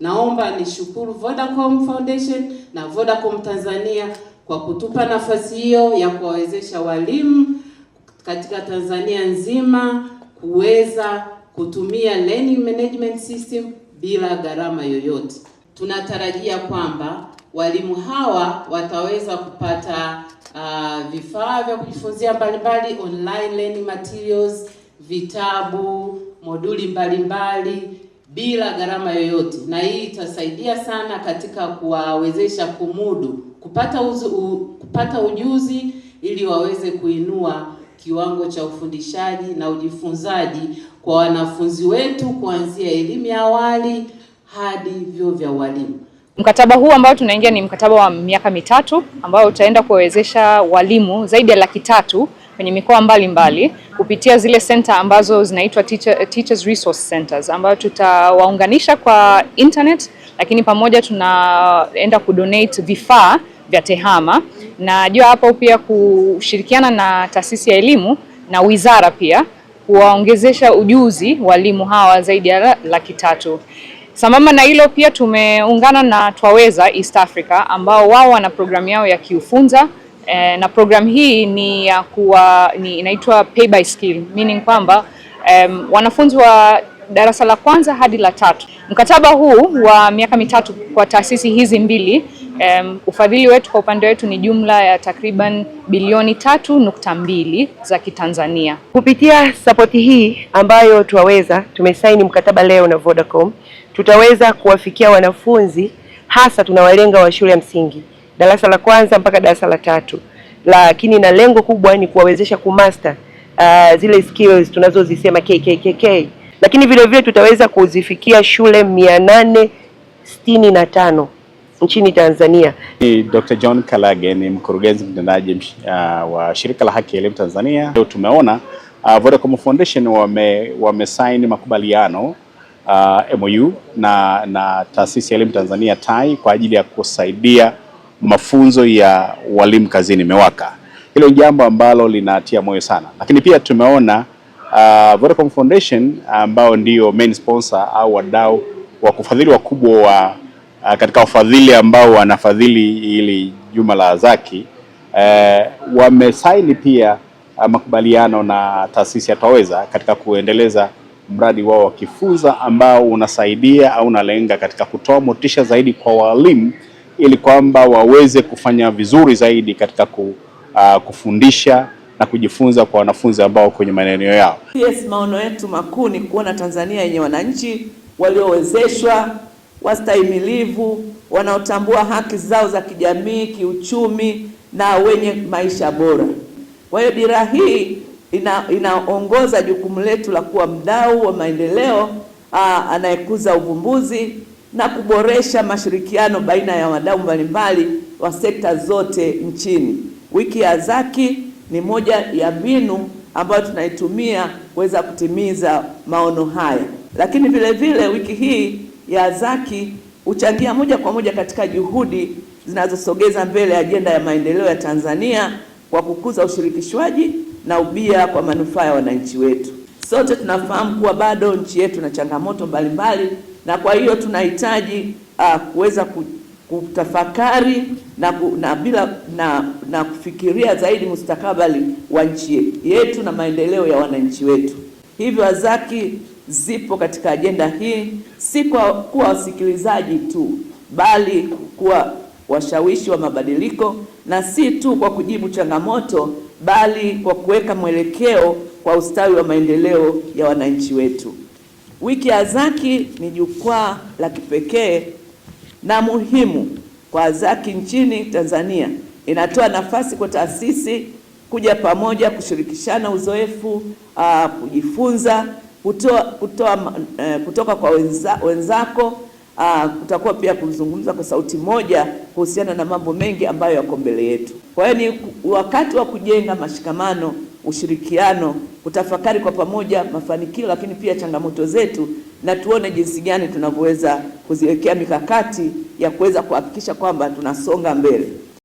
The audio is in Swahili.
Naomba nishukuru Vodacom Foundation na Vodacom Tanzania kwa kutupa nafasi hiyo ya kuwawezesha walimu katika Tanzania nzima kuweza kutumia learning management system bila gharama yoyote. Tunatarajia kwamba walimu hawa wataweza kupata uh, vifaa vya kujifunzia mbalimbali, online learning materials, vitabu, moduli mbalimbali mbali, bila gharama yoyote, na hii itasaidia sana katika kuwawezesha kumudu kupata uzu, u, kupata ujuzi ili waweze kuinua kiwango cha ufundishaji na ujifunzaji kwa wanafunzi wetu kuanzia elimu ya awali hadi vyuo vya ualimu. Mkataba huu ambao tunaingia ni mkataba wa miaka mitatu ambao utaenda kuwawezesha walimu zaidi ya laki tatu kwenye mikoa mbalimbali kupitia zile center ambazo zinaitwa teacher, teachers resource centers ambayo tutawaunganisha kwa internet, lakini pamoja tunaenda kudonate vifaa vya TEHAMA na jua hapo pia kushirikiana na taasisi ya elimu na wizara pia kuwaongezesha ujuzi walimu hawa zaidi ya laki tatu. Sambamba na hilo pia tumeungana na Twaweza East Africa ambao wao wana programu yao ya Kiufunza eh, na program hii ni ya kuwa ni inaitwa pay by skill meaning kwamba um, wanafunzi wa darasa la kwanza hadi la tatu. Mkataba huu wa miaka mitatu kwa taasisi hizi mbili um, ufadhili wetu kwa upande wetu ni jumla ya takriban bilioni tatu nukta mbili za Kitanzania. Kupitia sapoti hii ambayo tuwaweza tumesaini mkataba leo na Vodacom, tutaweza kuwafikia wanafunzi hasa tunawalenga wa shule ya msingi darasa la kwanza mpaka darasa la tatu, lakini na lengo kubwa ni kuwawezesha kumaster uh, zile skills tunazozisema KKKK, lakini vile vile tutaweza kuzifikia shule mia nane sitini na tano nchini Tanzania. Ni Dr. John Kalage ni mkurugenzi mtendaji uh, wa shirika la haki ya elimu Tanzania. Leo tumeona uh, Vodacom Foundation wame wamesaini makubaliano uh, MOU na na taasisi ya elimu Tanzania TAI kwa ajili ya kusaidia mafunzo ya walimu kazini MEWAKA. Hilo ni jambo ambalo linatia moyo sana, lakini pia tumeona uh, Vodacom Foundation uh, ambao ndio main sponsor au wadau wa kufadhili wakubwa wa uh, katika wafadhili ambao wanafadhili ili juma la Zaki uh, wamesaini pia uh, makubaliano na taasisi ya Twaweza katika kuendeleza mradi wao wa Kifunza ambao unasaidia au unalenga katika kutoa motisha zaidi kwa walimu ili kwamba waweze kufanya vizuri zaidi katika ku, uh, kufundisha na kujifunza kwa wanafunzi ambao kwenye maeneo yao. Yes, maono yetu makuu ni kuona Tanzania yenye wananchi waliowezeshwa, wastahimilivu, wanaotambua haki zao za kijamii, kiuchumi na wenye maisha bora. Kwa hiyo dira hii ina, inaongoza jukumu letu la kuwa mdau wa maendeleo, uh, anayekuza uvumbuzi na kuboresha mashirikiano baina ya wadau mbalimbali wa sekta zote nchini. Wiki ya Zaki ni moja ya mbinu ambayo tunaitumia kuweza kutimiza maono haya, lakini vile vile wiki hii ya Zaki huchangia moja kwa moja katika juhudi zinazosogeza mbele ajenda ya maendeleo ya Tanzania kwa kukuza ushirikishwaji na ubia kwa manufaa ya wananchi wetu. Sote tunafahamu kuwa bado nchi yetu na changamoto mbalimbali mbali, na kwa hiyo tunahitaji uh, kuweza kutafakari na, na, bila, na, na kufikiria zaidi mustakabali wa nchi yetu na maendeleo ya wananchi wetu. Hivyo AZAKI zipo katika ajenda hii, si kwa kuwa wasikilizaji tu, bali kuwa washawishi wa mabadiliko, na si tu kwa kujibu changamoto, bali kwa kuweka mwelekeo kwa ustawi wa maendeleo ya wananchi wetu. Wiki ya Zaki ni jukwaa la kipekee na muhimu kwa Zaki nchini Tanzania. Inatoa nafasi kwa taasisi kuja pamoja, kushirikishana uzoefu, uh, kujifunza kutoa, kutoa, uh, kutoka kwa wenza, wenzako. Uh, kutakuwa pia kuzungumza kwa sauti moja kuhusiana na mambo mengi ambayo yako mbele yetu. Kwa hiyo ni wakati wa kujenga mashikamano ushirikiano, kutafakari kwa pamoja mafanikio, lakini pia changamoto zetu, na tuone jinsi gani tunavyoweza kuziwekea mikakati ya kuweza kuhakikisha kwamba tunasonga mbele.